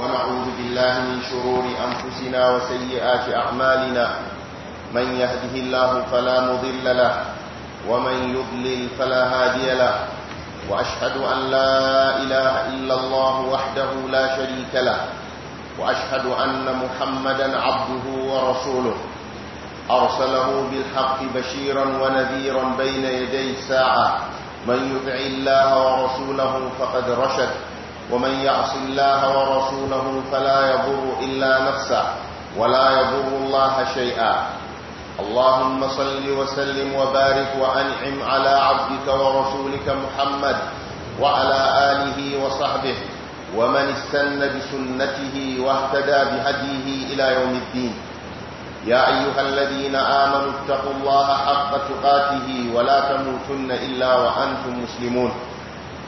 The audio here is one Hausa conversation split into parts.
ونعوذ بالله من شرور أنفسنا وسيئات أعمالنا من يهده الله فلا مضل له ومن يضلل فلا هادي له وأشهد أن لا إله إلا الله وحده لا شريك له وأشهد أن محمدا عبده ورسوله أرسله بالحق بشيرا ونذيرا بين يدي الساعة من يطع الله ورسوله فقد رشد ومن يعص الله ورسوله فلا يضر إلا نفسه ولا يضر الله شيئا اللهم صل وسلم وبارك وأنعم على عبدك ورسولك محمد وعلى آله وصحبه ومن استن بسنته واهتدى بهديه إلى يوم الدين يا أيها الذين آمنوا اتقوا الله حق تقاته ولا تموتن إلا وأنتم مسلمون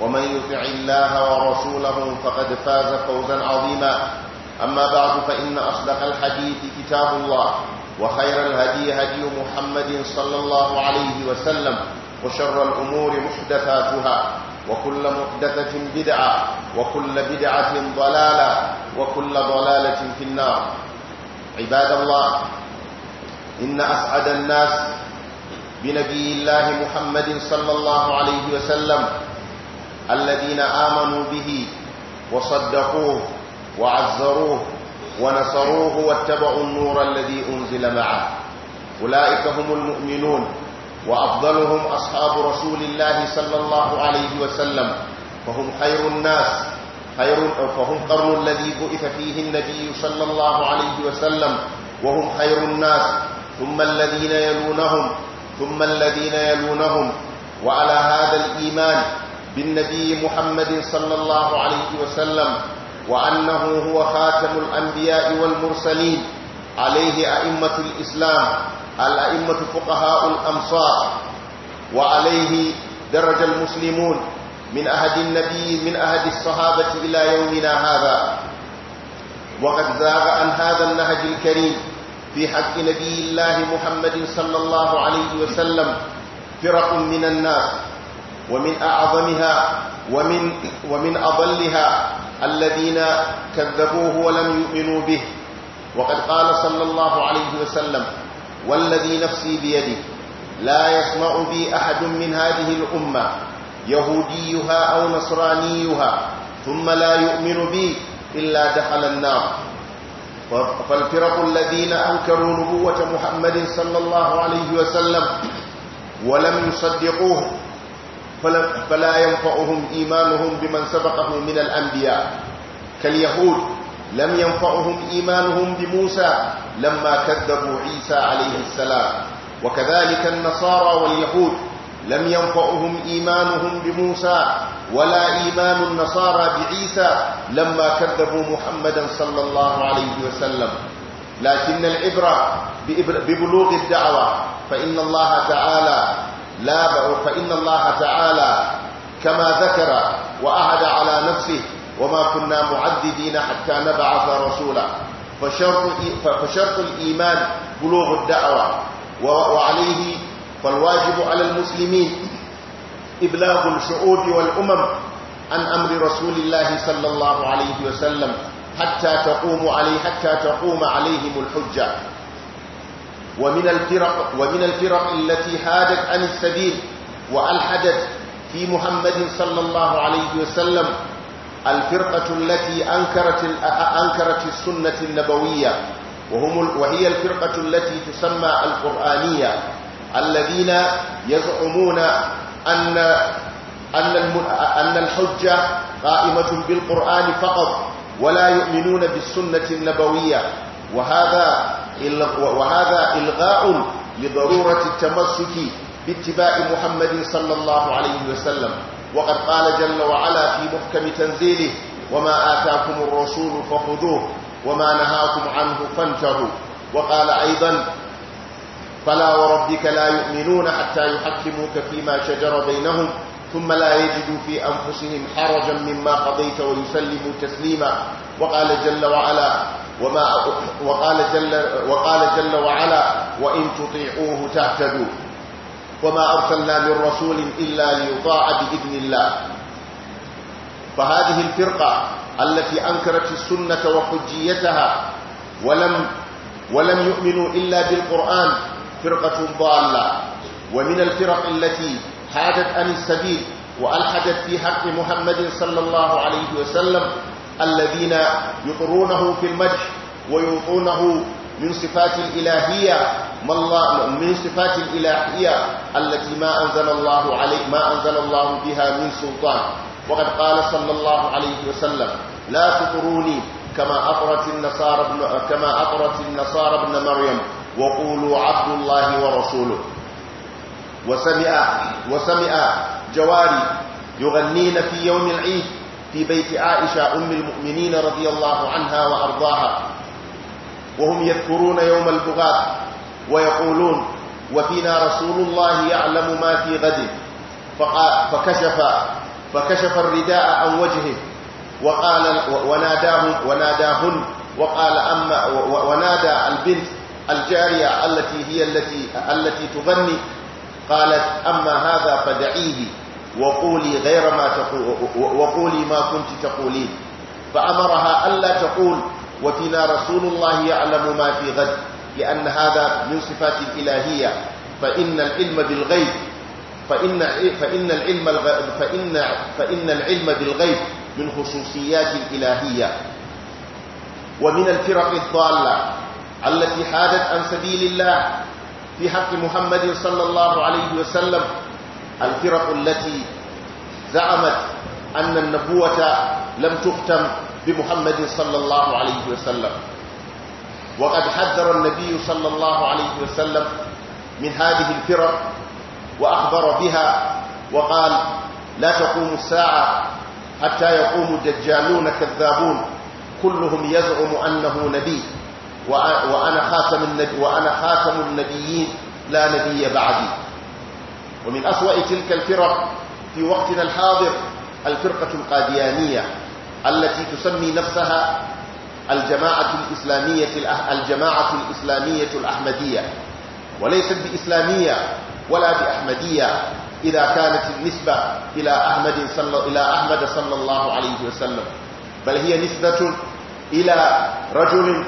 ومن يطع الله ورسوله فقد فاز فوزا عظيما أما بعد فإن أصدق الحديث كتاب الله وخير الهدي هدي محمد صلى الله عليه وسلم وشر الأمور محدثاتها وكل محدثة بدعة وكل بدعة ضلالة وكل ضلالة في النار عباد الله إن أسعد الناس بنبي الله محمد صلى الله عليه وسلم الذين آمنوا به وصدقوه وعزروه ونصروه واتبعوا النور الذي أنزل معه أولئك هم المؤمنون وأفضلهم أصحاب رسول الله صلى الله عليه وسلم فهم خير الناس خير فهم قرن الذي بعث فيه النبي صلى الله عليه وسلم وهم خير الناس ثم الذين يلونهم ثم الذين يلونهم وعلى هذا الإيمان بالنبي محمد صلى الله عليه وسلم وأنه هو خاتم الأنبياء والمرسلين عليه أئمة الإسلام الأئمة فقهاء الأمصار وعليه درج المسلمون من أهد النبي من أهد الصحابة إلى يومنا هذا وقد زاغ عن هذا النهج الكريم في حق نبي الله محمد صلى الله عليه وسلم فرق من الناس ومن أعظمها ومن, ومن أضلها الذين كذبوه ولم يؤمنوا به وقد قال صلى الله عليه وسلم والذي نفسي بيده لا يسمع بي أحد من هذه الأمة يهوديها أو نصرانيها ثم لا يؤمن بي إلا دخل النار فالفرق الذين أنكروا نبوة محمد صلى الله عليه وسلم ولم يصدقوه فلا, فلا ينفعهم إيمانهم بمن سبقه من الأنبياء كاليهود لم ينفعهم إيمانهم بموسى لما كذبوا عيسى عليه السلام وكذلك النصارى واليهود لم ينفعهم إيمانهم بموسى ولا إيمان النصارى بعيسى لما كذبوا محمدا صلى الله عليه وسلم لكن العبرة ببلوغ الدعوة فإن الله تعالى لا فإن الله تعالى كما ذكر وأهد على نفسه وما كنا معددين حتى نبعث رسولا فشرط, فشرط الإيمان بلوغ الدعوة وعليه فالواجب على المسلمين إبلاغ الشعوب والأمم عن أمر رسول الله صلى الله عليه وسلم حتى تقوم عليه حتى تقوم عليهم الحجة ومن الفرق, ومن الفرق التي حادت عن السبيل وألحدت في محمد صلى الله عليه وسلم الفرقة التي أنكرت, أنكرت السنة النبوية وهم وهي الفرقة التي تسمى القرآنية الذين يزعمون أن, أن, أن الحجة قائمة بالقرآن فقط ولا يؤمنون بالسنة النبوية وهذا وهذا إلغاء لضرورة التمسك باتباع محمد صلى الله عليه وسلم وقد قال جل وعلا في محكم تنزيله وما آتاكم الرسول فخذوه وما نهاكم عنه فانتهوا وقال أيضا فلا وربك لا يؤمنون حتى يحكموك فيما شجر بينهم ثم لا يجدوا في أنفسهم حرجا مما قضيت ويسلموا تسليما وقال جل وعلا وما وقال جل وقال جل وعلا وان تطيعوه تهتدوا وما ارسلنا من رسول الا ليطاع باذن الله فهذه الفرقه التي انكرت السنه وحجيتها ولم ولم يؤمنوا الا بالقران فرقه ضاله ومن الفرق التي حادت عن السبيل والحدت في حق محمد صلى الله عليه وسلم الذين يقرونه في المدح ويعطونه من صفات الإلهية ما الله من صفات الإلهية التي ما أنزل الله عليه ما أنزل الله بها من سلطان وقد قال صلى الله عليه وسلم لا تطروني كما أطرت النصارى ابن كما أطرت النصارى ابن مريم وقولوا عبد الله ورسوله وسمع وسمع جواري يغنين في يوم العيد في بيت عائشة أم المؤمنين رضي الله عنها وأرضاها وهم يذكرون يوم البغاة ويقولون وفينا رسول الله يعلم ما في غد فكشف فكشف الرداء عن وجهه وقال وناداهم وناداهن وقال أما ونادى البنت الجارية التي هي التي التي تغني قالت أما هذا فدعيه وقولي غير ما تقول وقولي ما كنت تقولين فأمرها ألا تقول وفينا رسول الله يعلم ما في غد لأن هذا من صفات الإلهية فإن العلم بالغيب فإن, فإن, العلم فإن, فإن العلم بالغيب من خصوصيات الإلهية ومن الفرق الضالة التي حادت عن سبيل الله في حق محمد صلى الله عليه وسلم الفرق التي زعمت أن النبوة لم تختم بمحمد صلى الله عليه وسلم وقد حذر النبي صلى الله عليه وسلم من هذه الفرق وأخبر بها وقال لا تقوم الساعة حتى يقوم الدجالون كذابون كلهم يزعم أنه نبي وأنا خاتم, النبي وأنا خاتم النبيين لا نبي بعدي ومن أسوأ تلك الفرق في وقتنا الحاضر الفرقة القاديانية التي تسمي نفسها الجماعة الإسلامية الجماعة الإسلامية الأحمدية وليست بإسلامية ولا بأحمدية إذا كانت النسبة إلى أحمد صلى, إلى أحمد صلى الله عليه وسلم بل هي نسبة إلى رجل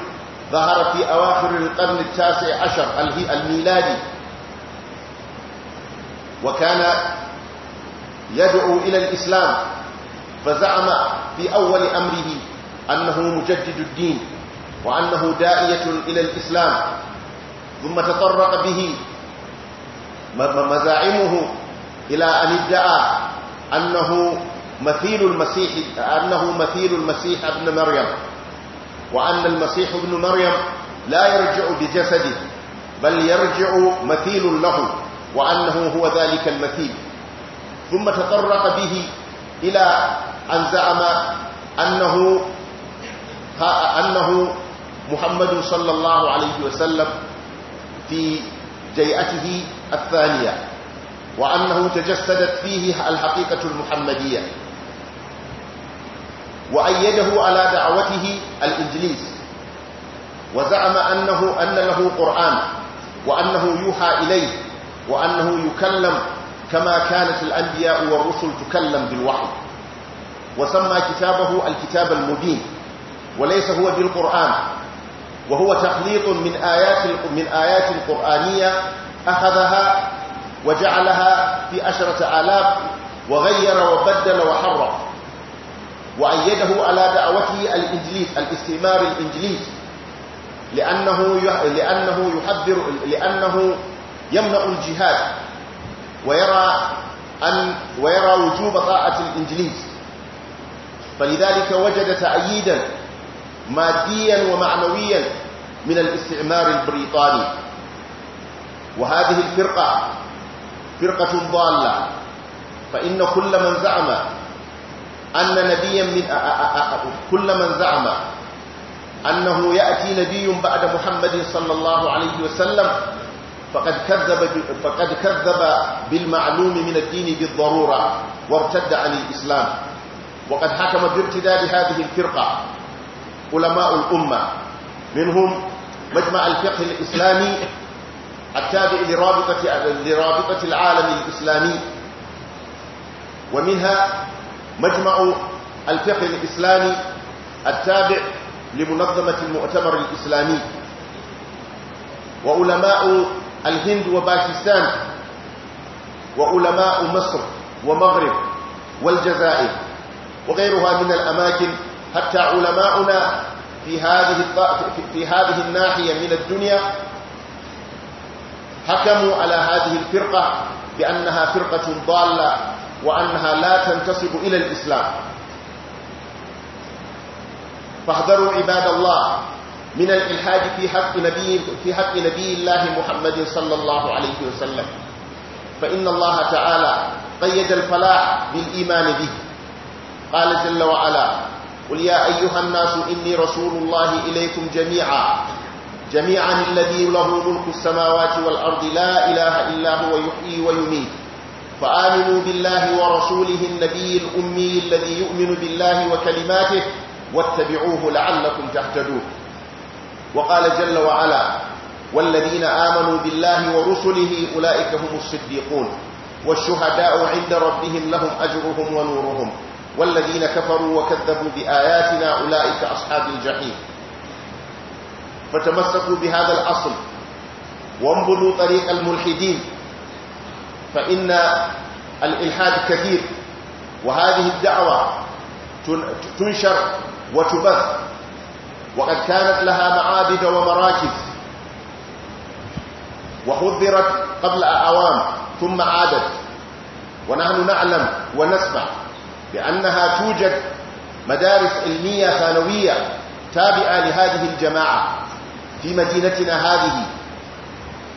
ظهر في أواخر القرن التاسع عشر الميلادي وكان يدعو إلى الإسلام فزعم في أول أمره أنه مجدد الدين وأنه داعية إلى الإسلام ثم تطرق به مزاعمه إلى أن ادعى أنه مثيل المسيح أنه مثيل المسيح ابن مريم وأن المسيح ابن مريم لا يرجع بجسده بل يرجع مثيل له وأنه هو ذلك المثيل ثم تطرق به إلى أن زعم أنه, أنه محمد صلى الله عليه وسلم في جيئته الثانية وأنه تجسدت فيه الحقيقة المحمدية وأيده على دعوته الإنجليز وزعم أنه أن له قرآن وأنه يوحى إليه وأنه يكلم كما كانت الأنبياء والرسل تكلم بالوحي وسمى كتابه الكتاب المبين وليس هو بالقرآن وهو تخليط من آيات من آيات قرآنية أخذها وجعلها في عشرة آلاف وغير وبدل وحرف وأيده على دعوته الإنجليز الاستعمار الإنجليز لأنه لأنه يحذر لأنه يمنع الجهاد ويرى أن ويرى وجوب طاعة الإنجليز فلذلك وجد تأييدا ماديا ومعنويا من الاستعمار البريطاني وهذه الفرقة فرقة ضالة فإن كل من زعم أن نبيا من كل من زعم أنه يأتي نبي بعد محمد صلى الله عليه وسلم فقد كذب فقد كذب بالمعلوم من الدين بالضرورة وارتد عن الإسلام وقد حكم بارتداد هذه الفرقة علماء الأمة منهم مجمع الفقه الإسلامي التابع لرابطة, لرابطة العالم الإسلامي ومنها مجمع الفقه الإسلامي التابع لمنظمة المؤتمر الإسلامي وعلماء الهند وباكستان وعلماء مصر ومغرب والجزائر وغيرها من الأماكن حتى علماؤنا في هذه في هذه الناحية من الدنيا حكموا على هذه الفرقة بأنها فرقة ضالة وأنها لا تنتسب إلى الإسلام فاحذروا عباد الله من الإلحاد في حق نبي في حق نبي الله محمد صلى الله عليه وسلم فإن الله تعالى قيد الفلاح بالإيمان به قال جل وعلا قل يا أيها الناس إني رسول الله إليكم جميعا جميعا الذي له ملك السماوات والأرض لا إله إلا هو يحيي ويميت فآمنوا بالله ورسوله النبي الأمي الذي يؤمن بالله وكلماته واتبعوه لعلكم تهتدون وقال جل وعلا والذين آمنوا بالله ورسله أولئك هم الصديقون والشهداء عند ربهم لهم أجرهم ونورهم والذين كفروا وكذبوا بآياتنا أولئك أصحاب الجحيم فتمسكوا بهذا الأصل وانبذوا طريق الملحدين فإن الإلحاد كثير وهذه الدعوة تنشر وتبث وقد كانت لها معابد ومراكز وحذرت قبل أعوام ثم عادت ونحن نعلم ونسمع بأنها توجد مدارس علمية ثانوية تابعة لهذه الجماعة في مدينتنا هذه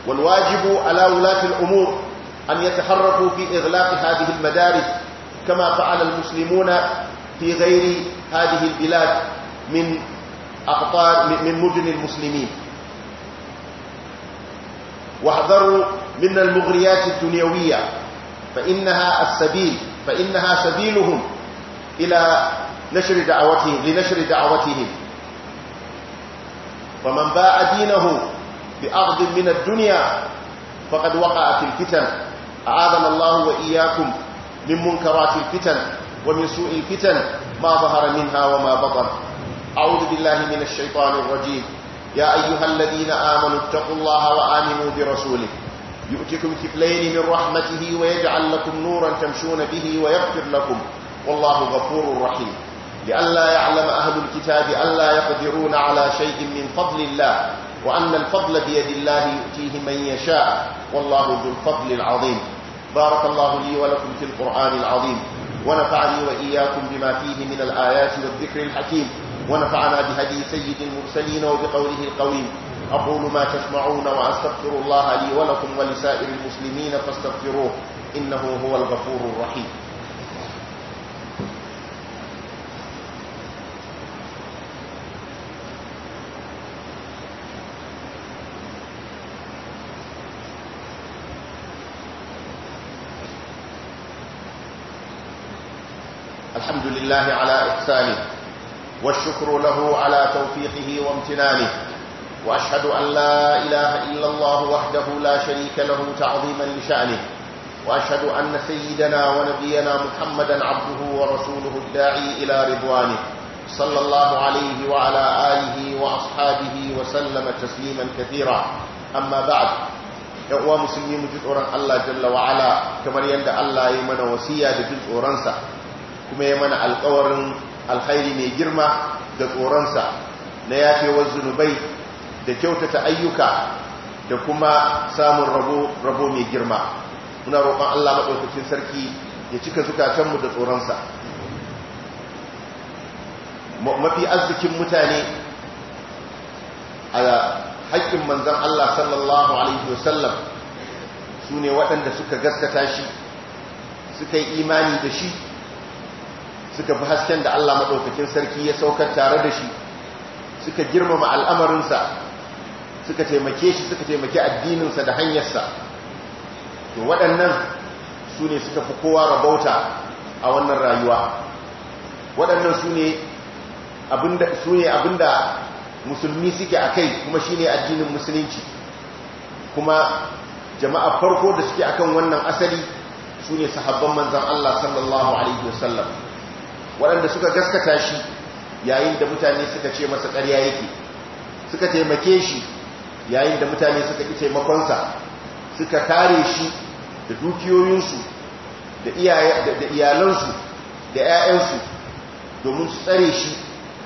والواجب على ولاة الأمور أن يتحركوا في إغلاق هذه المدارس كما فعل المسلمون في غير هذه البلاد من أقطار من مدن المسلمين واحذروا من المغريات الدنيوية فإنها السبيل فإنها سبيلهم إلى نشر دعوتهم لنشر دعوتهم فمن باع دينه بأرض من الدنيا فقد وقع في الفتن أعاذنا الله وإياكم من منكرات الفتن ومن سوء الفتن ما ظهر منها وما بطن أعوذ بالله من الشيطان الرجيم يا أيها الذين آمنوا اتقوا الله وآمنوا برسوله يؤتكم كفلين من رحمته ويجعل لكم نورا تمشون به ويغفر لكم والله غفور رحيم لئلا يعلم أهل الكتاب ألا يقدرون على شيء من فضل الله وأن الفضل بيد الله يؤتيه من يشاء والله ذو الفضل العظيم بارك الله لي ولكم في القرآن العظيم ونفعني وإياكم بما فيه من الآيات والذكر الحكيم ونفعنا بهدي سيد المرسلين وبقوله القويم أقول ما تسمعون وأستغفر الله لي ولكم ولسائر المسلمين فاستغفروه إنه هو الغفور الرحيم الحمد لله على إحسانه والشكر له على توفيقه وامتنانه وأشهد أن لا إله إلا الله وحده لا شريك له تعظيما لشأنه وأشهد أن سيدنا ونبينا محمدا عبده ورسوله الداعي إلى رضوانه صلى الله عليه وعلى آله وأصحابه وسلم تسليما كثيرا أما بعد يقوى مسلمين جزء الله جل وعلا كما يند الله يمن وسيا جزء رنسا كما يمن القورن alkhairi mai girma da tsoronsa na yafewar zunubai da kyautata ayyuka da kuma samun rabo mai girma muna roƙon Allah maɗaukacin sarki ya cika zukatanmu da tsoronsa mafi arzikin mutane a haƙƙin manzan Allah sallallahu alaihi wasallam su ne waɗanda suka gaskata shi suka yi imani da shi suka fi hasken da Allah maɗaukakin sarki ya saukar tare da shi suka girmama al'amarinsa suka taimake shi suka taimake addininsa da hanyarsa to waɗannan su ne suka fi kowa rabauta a wannan rayuwa waɗannan su ne abinda musulmi suke a kai kuma shi ne addinin musulunci kuma jama'a farko da suke akan wannan asali su ne sahabban manzan Allah sallallahu Alaihi wasallam waɗanda suka gaskata shi yayin da mutane suka ce masa ƙarya yake suka taimake shi yayin da mutane suka ƙi taimakonsa suka kare shi da dukiyoyinsu da iyalansu da 'ya'yansu domin su tsare shi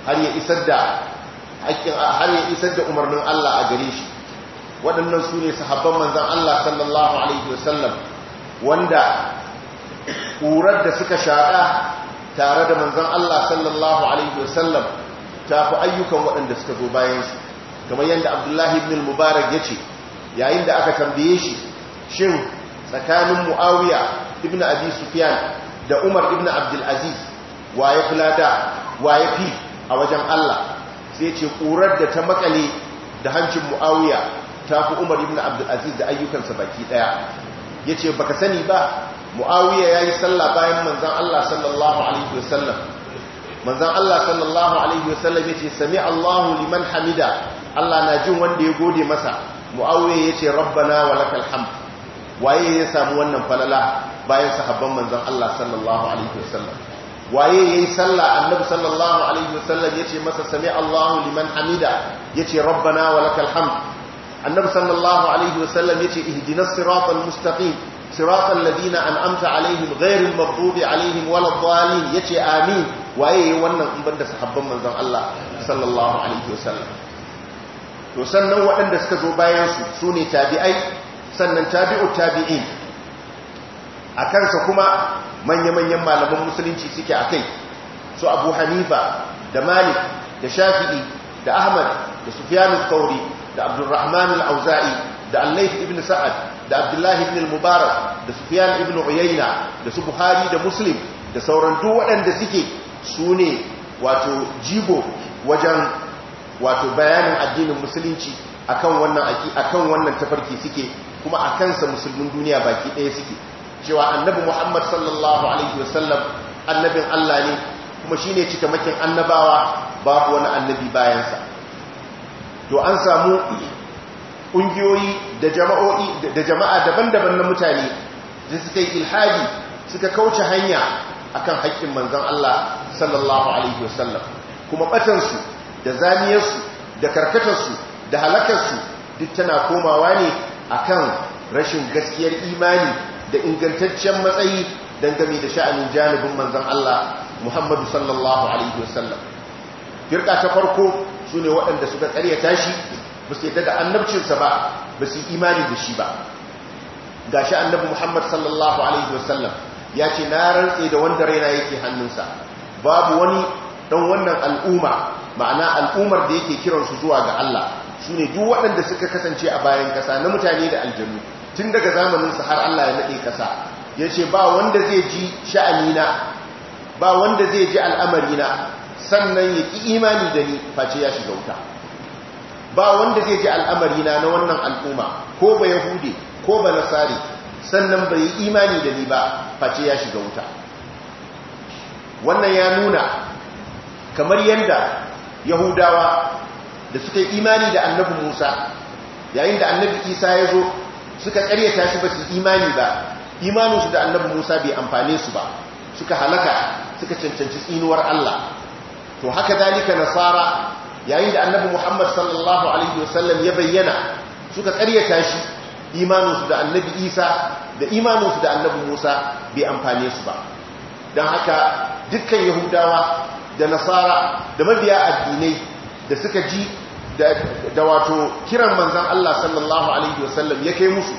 har ya isar da har ya isar da umarnin Allah a gare shi waɗannan su ne sahabban manzan Allah sallallahu alaihi wasallam wanda ƙurar da suka shaɗa tare da manzan Allah sallallahu alaihi wasallam ta fi ayyukan waɗanda suka zo bayansu kamar yadda abdullahi ibn mubarak ya ce yayin da aka tambaye shi shin tsakanin mu'awiya ibn abi sufyan da umar ibn abdulaziz wa ya kula da wa ya fi a wajen Allah sai ce ƙurar da ta makale da hancin mu'awiya ta fi umar ibn abdulaziz da ayyukansa baki ɗaya ya ce baka sani ba muawiya yi sallah bayan manzan Allah sallallahu alaihi wasallam manzon Allah sallallahu alaihi wasallam yace sami Allahu liman hamida Allah na jin wanda ya gode masa muawiya yace rabbana walakal hamd waye ya samu wannan falala bayan sahabban manzan Allah sallallahu alaihi wasallam waye ya yi sallah annabi sallallahu alaihi wasallam yace masa sami Allahu liman hamida yace rabbana walakal hamd annabi sallallahu alaihi wasallam yace ihdinas siratal mustaqim صراط الذين انعمت عليهم غير المغضوب عليهم ولا الضالين يتي امين waye wannan in banda sahabban manzon Allah sallallahu alaihi wasallam to sannan waɗanda suka zo bayan su sune tabi'ai sannan tabi'u tabi'in akan kuma manya manyan malaman musulunci suke akai su Abu Hanifa da Malik da Shafi'i da Ahmad da Sufyanu Kauri da Abdul Rahman al-Auza'i da Al-Layth ibn Sa'ad da abdullahi ibn al-mubarak da sufyan ibn uyayna da su buhari da muslim da sauran duk waɗanda suke su ne wato jibo wajen wato bayanin addinin musulunci akan wannan akan wannan tafarki suke kuma a kansa musulmin duniya baki ɗaya suke cewa annabi muhammad sallallahu alaihi wasallam annabin allah ne kuma shine ne cikamakin annabawa babu wani annabi bayansa to an samu ƙungiyoyi da da jama'a daban-daban na mutane da suka yi ilhadi suka kauce hanya akan haƙƙin manzon Allah sallallahu alaihi wasallam kuma batansu da zaniyarsu da karkatarsu da halakarsu duk tana komawa ne akan rashin gaskiyar imani da ingantaccen matsayi dangane da sha'anin janibin manzon Allah Muhammadu sallallahu alaihi wasallam firka ta farko sune waɗanda suka ƙaryata shi ba su yadda da annabcinsa ba ba su imani da shi ba ga shi annabi muhammad sallallahu alaihi wasallam ya ce na rantse da wanda raina yake hannunsa babu wani don wannan al'umma ma'ana al'ummar da yake kiransu zuwa ga Allah su ne duk waɗanda suka kasance a bayan kasa na mutane da aljanu tun daga zamaninsa har Allah ya naɗe kasa ya ce ba wanda zai ji sha'anina ba wanda zai ji al'amarina sannan ya ƙi imani da ni face ya shiga wuta ba wanda zai ji al'amari na na wannan al'umma ko ba yahudi ko ba nasari sannan bai yi imani da ni ba face ya shiga wuta wannan ya nuna kamar yadda yahudawa da suka yi imani da annabi musa yayin da annabi isa ya zo suka karyata shi ba su imani ba imaninsu da annabi musa bai amfane su ba suka halaka suka cancanci tsinuwar allah to haka dalika nasara yayin da annabi Muhammad sallallahu alaihi wasallam ya bayyana suka ƙaryata shi imaninsu da annabi Isa da imaninsu da annabi Musa bai amfane su ba don haka dukkan Yahudawa da Nasara da mabiya addinai da suka ji da wato kiran manzon Allah sallallahu alaihi wasallam ya kai musu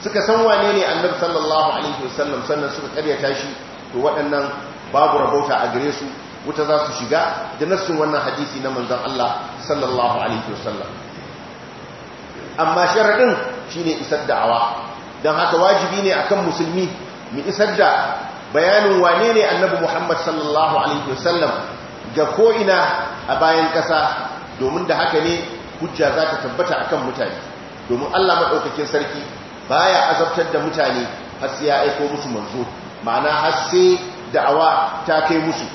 suka san wane ne annabi sallallahu alaihi wasallam sannan suka ƙaryata shi to waɗannan babu rabota a gare su wuta za su shiga da nassun wannan hadisi na manzon Allah sallallahu alaihi wasallam amma sharadin shine isar da'awa dan haka wajibi ne akan musulmi mu isar da bayanin wane ne annabi Muhammad sallallahu alaihi wasallam ga ko'ina a bayan ƙasa domin da haka ne hujja za ta tabbata akan mutane domin Allah maɗaukakin sarki baya azabtar da mutane har sai ya aiko musu manzo ma'ana har sai da'awa ta kai musu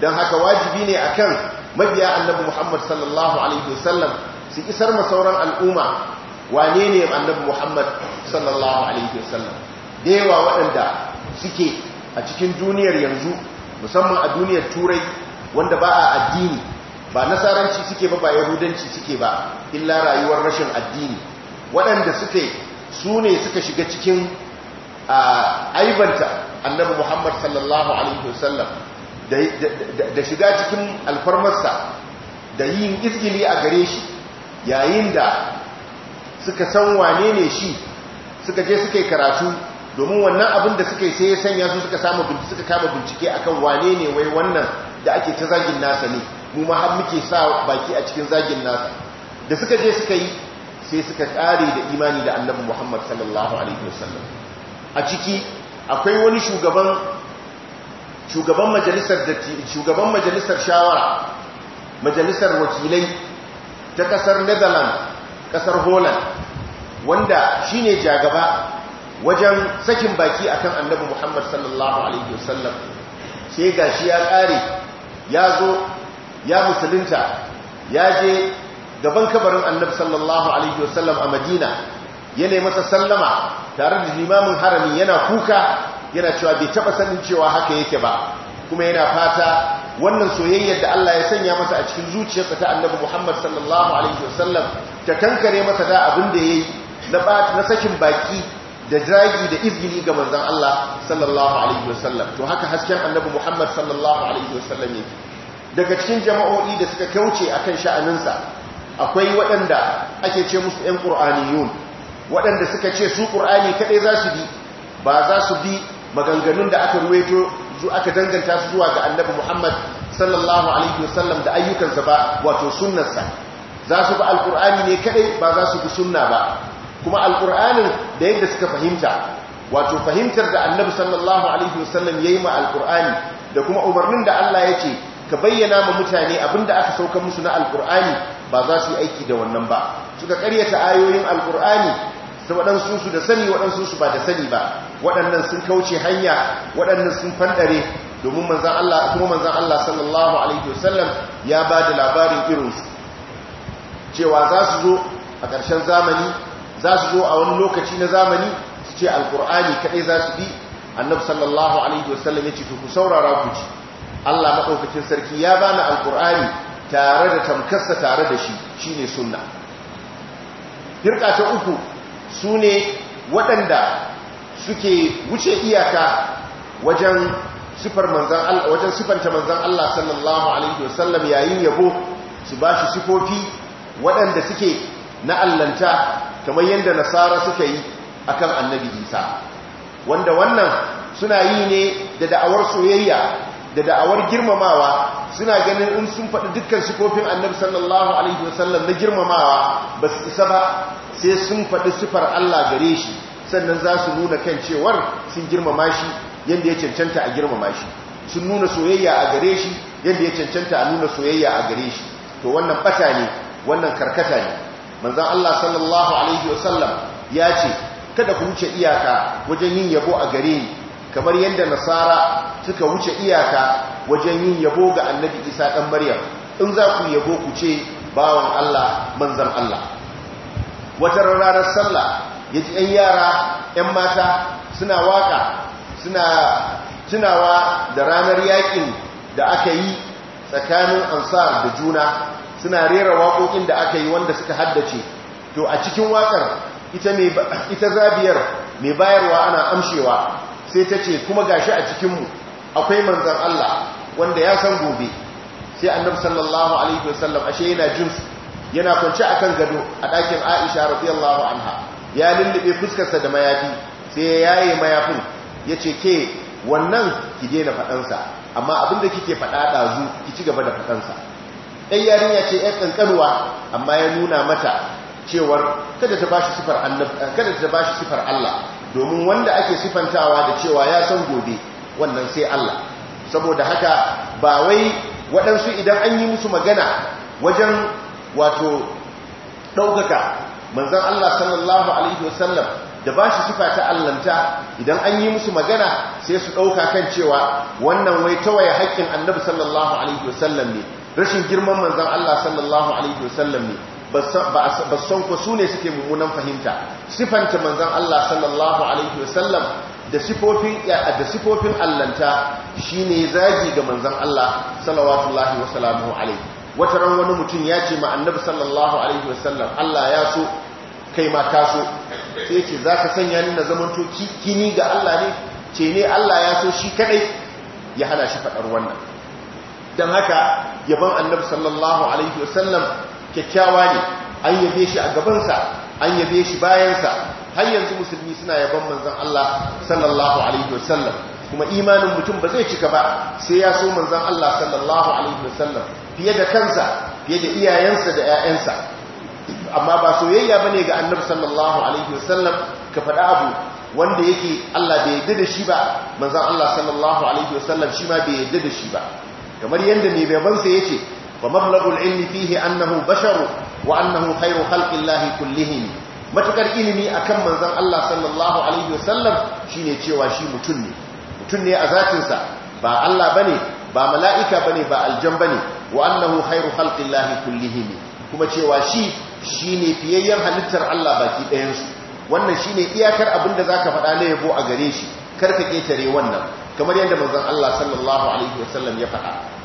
don haka wajibi ne a kan mabiya annabi Muhammad sallallahu alaihi wasallam su isar masauran al'umma wane ne annabi Muhammad sallallahu alaihi wasallam da yawa waɗanda suke a cikin duniyar yanzu musamman a duniyar turai wanda ba a addini ba nasaranci suke ba ba yahudanci suke ba illa rayuwar rashin addini waɗanda suke su ne suka shiga cikin aibanta annabi Muhammad sallallahu alaihi wasallam da shiga cikin alfarmarsa da yin izgili a gare shi yayin da suka san wane ne shi suka je suka yi karatu domin wannan abin da suka yi sai ya sanya su suka samu suka kama bincike akan wane ne wai wannan da ake ta zagin nasa ne mu ma har muke sa baki a cikin zagin nasa da suka je suka yi sai suka kare da imani da annabi Muhammad sallallahu alaihi wasallam a ciki akwai wani shugaban shugaban majalisar shugaban majalisar shawara majalisar wakilai ta kasar netherlands kasar holland wanda shine jagaba wajen sakin baki akan annabi muhammad sallallahu alaihi wasallam sai gashi ya kare ya zo ya musulunta ya je gaban kabarin annabi sallallahu alaihi wasallam a madina ya masa sallama tare da limamin harami yana kuka yana cewa bai taba sanin cewa haka yake ba kuma yana fata wannan soyayyar da Allah ya sanya masa a cikin zuciyarsa ta Annabi Muhammad sallallahu alaihi wasallam ta kankare masa da abin da yayi na na sakin baki da jiragi da izini ga manzon Allah sallallahu alaihi wasallam to haka hasken Annabi Muhammad sallallahu alaihi wasallam yake daga cikin jama'o'i da suka kauce akan sha'aninsa akwai waɗanda ake ce musu ƴan qur'aniyun waɗanda suka ce su qur'ani kaɗai za su bi ba za su bi maganganun da aka ruwaito aka danganta su zuwa ga annabi Muhammad sallallahu alaihi wasallam da ayyukansa ba wato sunnarsa za su ba alkur'ani ne kadai ba za su bi sunna ba kuma alkur'anin da yadda suka fahimta wato fahimtar da annabi sallallahu alaihi wasallam yi ma alkur'ani da kuma umarnin da Allah ya ce ka bayyana ma mutane abinda aka sauka musu na alkur'ani ba za su yi aiki da wannan ba suka karyata ayoyin alkur'ani da waɗansu su da sani waɗansu su ba da sani ba waɗannan sun kauce hanya waɗannan sun fandare domin manzan Allah kuma manzan Allah sallallahu alaihi wasallam ya ba da labarin irinsu cewa za su zo a ƙarshen zamani za su zo a wani lokaci na zamani su ce alkur'ani kaɗai za su bi annabi sallallahu alaihi wasallam ya ce ku saurara ku ci Allah maɗaukacin sarki ya bani alkur'ani tare da tamkarsa tare da shi shine sunna firka ta uku su ne waɗanda suke wuce iyaka wajen sifar manzan wajen sifanta manzan Allah sallallahu alaihi wasallam yayin yabo su ba shi sifofi waɗanda suke na allanta kamar yadda nasara suka yi akan annabi Isa wanda wannan suna yi ne da da'awar soyayya da da'awar girmamawa suna ganin in sun faɗi dukkan sifofin annabi sallallahu alaihi wasallam na girmamawa ba su isa ba sai sun faɗi sifar Allah gare shi sannan za su nuna kan cewar sun girmama shi yadda ya cancanta a girmama shi sun nuna soyayya a gare shi yadda ya cancanta a nuna soyayya a gare shi to wannan ɓata ne wannan karkata ne manzon Allah sallallahu alaihi wasallam ya ce kada ku wuce iyaka wajen yin yabo a gare ni kamar yadda nasara suka wuce iyaka wajen yin yabo ga annabi isa dan maryam in za ku yabo ku ce bawan Allah manzon Allah wata ranar sallah ya ji ‘yan yara ‘yan mata suna waka suna tunawa da ranar yakin da aka yi tsakanin ansar da juna suna rera waƙoƙin da aka yi wanda suka haddace to a cikin waƙar ita zabiyar mai bayarwa ana amshewa sai ta ce kuma gashi a cikinmu akwai manzan Allah wanda ya san gobe sai annab sallallahu alaihi wasallam ashe yana jinsu yana kwanci akan gado a ɗakin aisha radiyallahu anha ya lullube fuskarsa da mayafi sai ya yaye mayafin ya ce ke wannan ki daina faɗansa amma abinda kike faɗa ɗazu ki ci gaba da faɗansa ɗan yarinya ce ya ƙanƙanwa amma ya nuna mata cewar kada ta ba shi sifar Allah domin wanda ake sifantawa da cewa ya san gobe wannan sai Allah saboda haka ba wai waɗansu idan an yi musu magana wajen wato ɗaukaka Manzan Allah sallallahu alaihi wasallam da ba shi sifa ta allanta idan an yi musu magana sai su ɗauka kan cewa wannan wai tawaye haƙƙin annabi sallallahu alaihi wasallam ne rashin girman manzan Allah sallallahu alaihi wasallam ne ba son ku su ne suke mummunan fahimta sifanta manzan Allah sallallahu alaihi wasallam da sifofin da sifofin allanta shine zagi ga manzan Allah sallallahu alaihi wasallam wata ran wani mutum ya ce ma annabi sallallahu alaihi wasallam Allah ya so kai ma ka so sai ce za ka sanya ni na to kini ga Allah ne ce ne Allah ya so shi kadai ya hana shi faɗar wannan Dan haka yaban annabi sallallahu alaihi wasallam kyakkyawa ne an yabe shi a gabansa an yabe shi bayansa har yanzu musulmi suna yaban manzon Allah sallallahu alaihi wasallam kuma imanin mutum ba zai cika ba sai ya so manzon Allah sallallahu alaihi wasallam fiye da kansa fiye da iyayensa da 'ya'yansa amma ba soyayya ba ne ga annabi sallallahu alaihi wasallam ka faɗa abu wanda yake Allah bai yadda da shi ba manzan Allah sallallahu alaihi wasallam shi ma bai yadda da shi ba kamar yadda mai babansa yake wa mablagul ilmi fihi annahu basharu wa annahu khairu khalqillahi kullihim matukar ilimi akan manzan Allah sallallahu alaihi wasallam shine cewa shi mutum ne mutum ne a zatinsa ba Allah bane ba mala'ika ba ne ba aljan bane wa annahu lahi kullihi ne. kuma cewa shi shine fiyayyen halittar Allah baki ɗayansu. wannan shine iyakar abin da zaka faɗa na yabo a gare shi kar ka ketare wannan kamar yadda manzan Allah sallallahu alaihi wasallam ya faɗa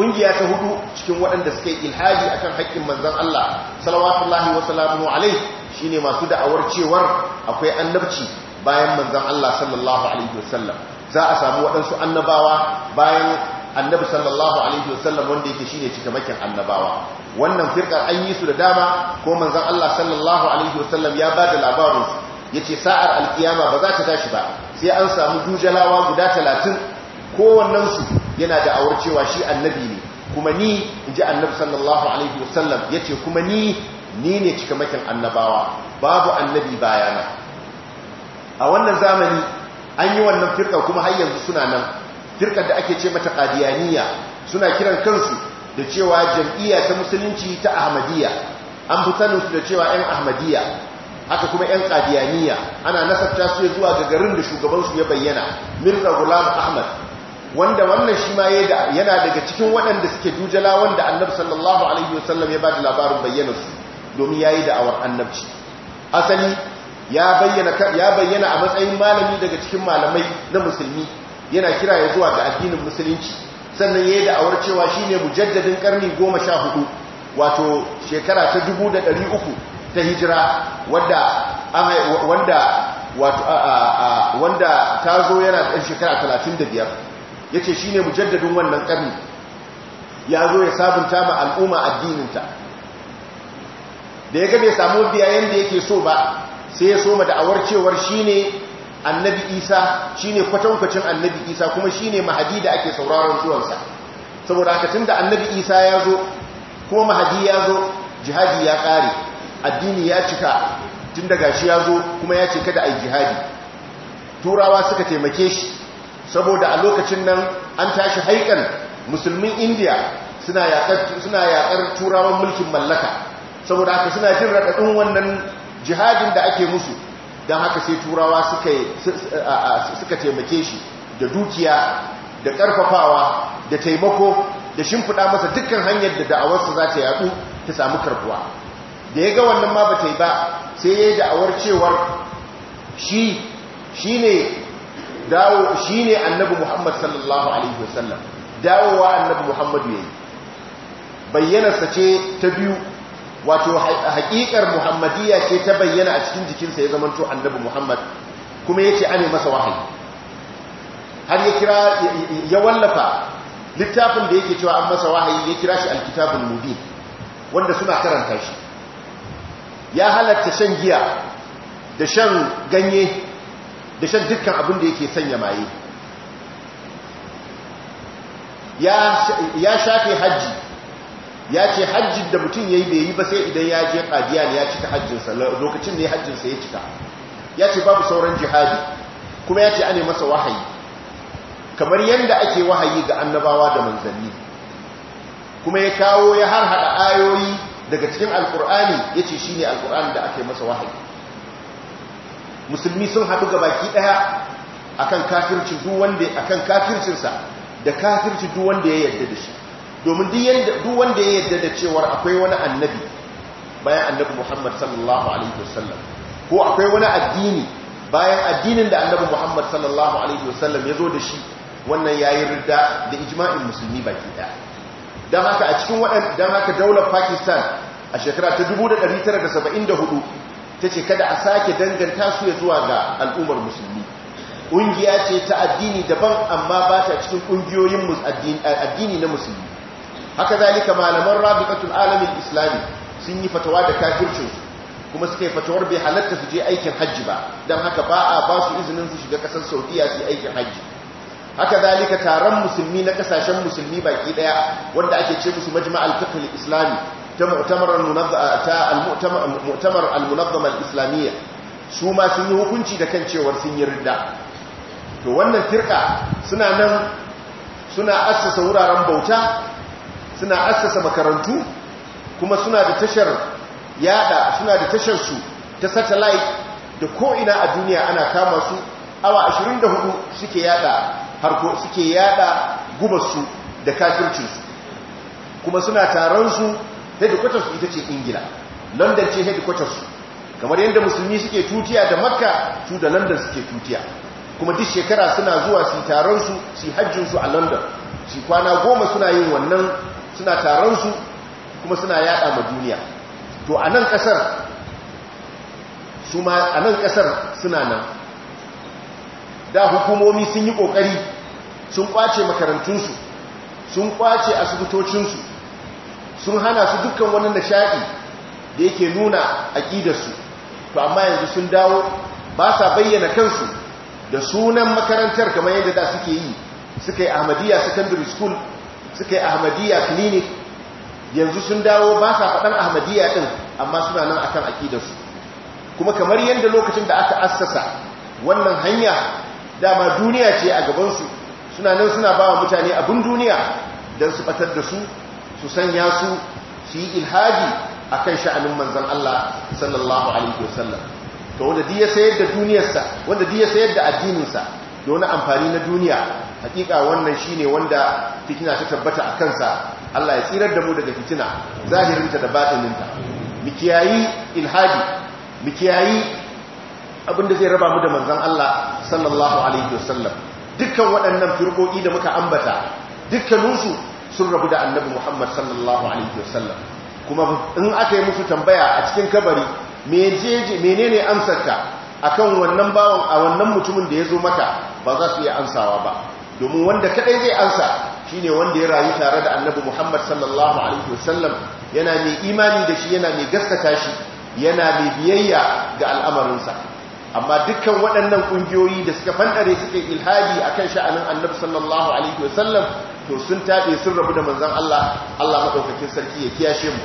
Ƙungiya ta hudu cikin waɗanda suke ilhaji akan haƙƙin manzon Allah sallallahu wa sallamu alaihi shine masu da'awar cewar akwai annabci bayan manzan Allah sallallahu alaihi wasallam za a samu waɗansu annabawa bayan annabi sallallahu alaihi wasallam wanda yake shine cikamakin annabawa wannan firkar an yi su da dama ko manzan Allah sallallahu alaihi wasallam ya bada labarin yace sa'ar alkiyama ba za ta tashi ba sai an samu dujalawa guda talatin. kowannen yana da awar cewa shi annabi ne kuma ni inji annabi sallallahu alaihi wasallam yace kuma ni ni ne cikamakin annabawa babu annabi bayana a wannan zamani an yi wannan firka kuma har yanzu suna nan firkar da ake ce mata qadiyaniya suna kiran kansu da cewa jam'iyya ta musulunci ta ahmadiyya an fi su da cewa yan ahmadiyya haka kuma yan qadiyaniya ana nasabta su zuwa ga garin da shugaban su ya bayyana mirza gulam ahmad wanda wannan shi ma yana daga cikin waɗanda suke dujala wanda annabi sallallahu alaihi wasallam ya ba da labarin bayyana su domin yayi awar annabci asali ya bayyana a matsayin malami daga cikin malamai na musulmi yana kira ya zuwa ga addinin musulunci sannan ya yi da'awar cewa shi ne mujaddadin karni goma sha wato shekara ta dubu da uku ta hijira wanda ta zo yana ɗan shekara talatin da biyar ya ce shi ne mujaddadin wannan karni ya zo ya sabunta ma al'umma addininta da ya gabe samu biyayen da yake so ba sai ya soma da cewar shine annabi isa shine kwatankwacin annabi isa kuma shine mahadi da ake sauraron zuwansa saboda haka da annabi isa ya zo kuma mahadi ya zo jihadi ya kare addini ya cika tun daga shi ya zo kuma ya ce kada a jihadi turawa suka taimake shi saboda a lokacin nan an tashi haikan musulmin indiya suna yaƙar turawan mulkin mallaka saboda haka suna jin raɗaɗin wannan jihadin da ake musu don haka sai turawa suka taimake shi da dukiya da ƙarfafawa da taimako da shimfiɗa masa dukkan hanyar da da'awarsa za ta yaɗu ta samu karbuwa da ya ga wannan ma ba ta yi ba sai ya yi da'awar cewar shi ne shi ne annabi muhammad sallallahu alaihi wasallam dawowa annabi muhammadu ya yi bayyanarsa ce ta biyu wato haƙiƙar muhammadiyya ce ta bayyana a cikin jikinsa ya zamanto annabi muhammad kuma ya ce ane masa wahayi har ya kira ya wallafa littafin da yake cewa an masa wahayi ya kira shi alkitabul mubin wanda suna karanta shi ya halatta shan giya da shan ganye da shan dukkan abin da yake sanya maye ya shafe hajji ya ce hajji da mutum ya yi bai yi ba sai idan ya je ne ya cika hajjinsa lokacin da ya hajjinsa ya cika ya ce babu sauran jihadi kuma ya ce ane masa wahayi kamar yadda ake wahayi ga annabawa da manzanni kuma ya kawo ya harhaɗa ayoyi daga cikin alkur'ani ya ce shi ne alkur'ani da ake masa wahayi musulmi sun haɗu ga baki ɗaya akan kafirci da duk wanda ya yarda da shi domin duk wanda ya yadda da cewar akwai wani annabi bayan annabi Muhammad sallallahu alaihi wasallam ko akwai wani addini bayan addinin da annabi Muhammad sallallahu alaihi wasallam ya zo da shi wannan ya yi rida da ijma'in musulmi baki daya Don haka a cikin waɗanda dan haka daular Pakistan a shekara ta 1974 ce kada a sake danganta su ya zuwa ga al'ummar musulmi ƙungiya ce ta addini daban amma ba ta cikin ƙungiyoyin addini na musulmi haka zalika malaman rabiqatul alamin islami sun yi fatawa da kafircin kuma suka yi fatawar bai halatta su je aikin hajji ba don haka ba a ba su izinin su shiga kasar saudiya su aikin hajji haka zalika taron musulmi na kasashen musulmi baki daya wanda ake ce musu majma'al fiqh islami ta mu'tamar al-mu'tamar al-munazzama al-islamiyya su ma sun yi hukunci da kan cewar sun yi ridda to wannan firka suna nan suna assasa wuraren bauta suna assasa makarantu kuma suna da tashar yada suna da tashar su ta satellite da ko'ina a duniya ana kama su awa 24 suke yada harko suke yada gubarsu da kafircinsu kuma suna taron su ita ce ingila london ce headquarters kamar yadda musulmi suke tutiya da makka su da london suke tutiya kuma duk shekara suna zuwa su taron su su hajjinsu a london shi kwana goma suna yin wannan suna taronsu kuma suna yada ma duniya to a nan kasar su a nan kasar suna nan da hukumomi sun yi kokari sun kwace makarantunsu sun kwace asibitocinsu sun hana su dukkan wani nishaɗi da yake nuna aƙidarsu to amma yanzu sun dawo ba sa bayyana kansu da sunan makarantar kamar yadda da suke yi suka yi ahmadiyya secondary school suka yi ahmadiyya clinic yanzu sun dawo ba sa faɗan ahmadiyya ɗin amma suna nan akan akidarsu kuma kamar yadda lokacin da aka assasa wannan hanya dama duniya ce a gabansu suna nan suna ba wa mutane abin duniya don su batar da su su sanya su su yi ilhadi a kan sha'anin manzan Allah sallallahu alaihi wasallam to wanda diya sayar da duniyarsa wanda diya sayar addininsa da wani amfani na duniya hakika wannan shine wanda fitina ta tabbata a kansa Allah ya tsirar da mu daga fitina zahirinta da batininta mikiyayi ilhadi mikiyayi abinda zai raba mu da manzon Allah sallallahu alaihi wasallam dukkan waɗannan firqoki da muka ambata dukkaninsu sun rabu da annabi Muhammad sallallahu alaihi wasallam kuma in aka yi musu tambaya a cikin kabari menene amsarka akan wannan bawon a wannan mutumin da ya zo maka ba za su iya amsawa ba domin wanda kaɗai zai ansa shine wanda ya rayu tare da annabi Muhammad sallallahu alaihi wasallam yana mai imani da shi yana mai gaskata shi yana mai biyayya ga al'amarinsa amma dukkan waɗannan ƙungiyoyi da suka fandare suke ilhadi akan sha'anin annabi sallallahu alaihi wasallam to sun taɓe sun rabu da manzon Allah Allah madaukakin sarki ya kiyashe mu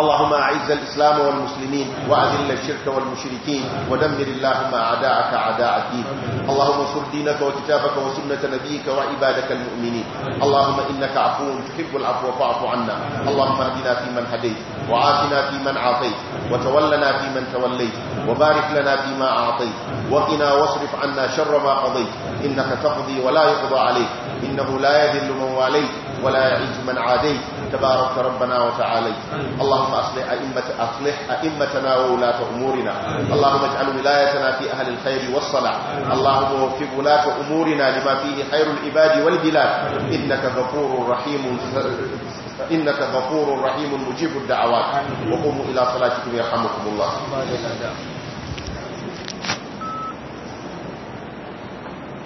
اللهم أعز الإسلام والمسلمين وأذل الشرك والمشركين ودمر اللهم أعداءك أعداء الدين اللهم انصر دينك وكتابك وسنة نبيك وعبادك المؤمنين اللهم إنك عفو تحب العفو فاعف عنا اللهم اهدنا فيمن هديت وعافنا فيمن عافيت وتولنا فيمن توليت وبارك لنا فيما أعطيت وقنا واصرف عنا شر ما قضيت إنك تقضي ولا يقضى عليك إنه لا يذل من واليت ولا يعز من عاديت تبارك ربنا وتعالي اللهم أصلح, أئمة أصلح أئمتنا وولاة أمورنا اللهم اجعل ولايتنا في أهل الخير والصلاح اللهم وفق ولاة أمورنا لما فيه خير العباد والبلاد إنك غفور رحيم إنك غفور رحيم مجيب الدعوات وقوموا إلى صلاتكم يرحمكم الله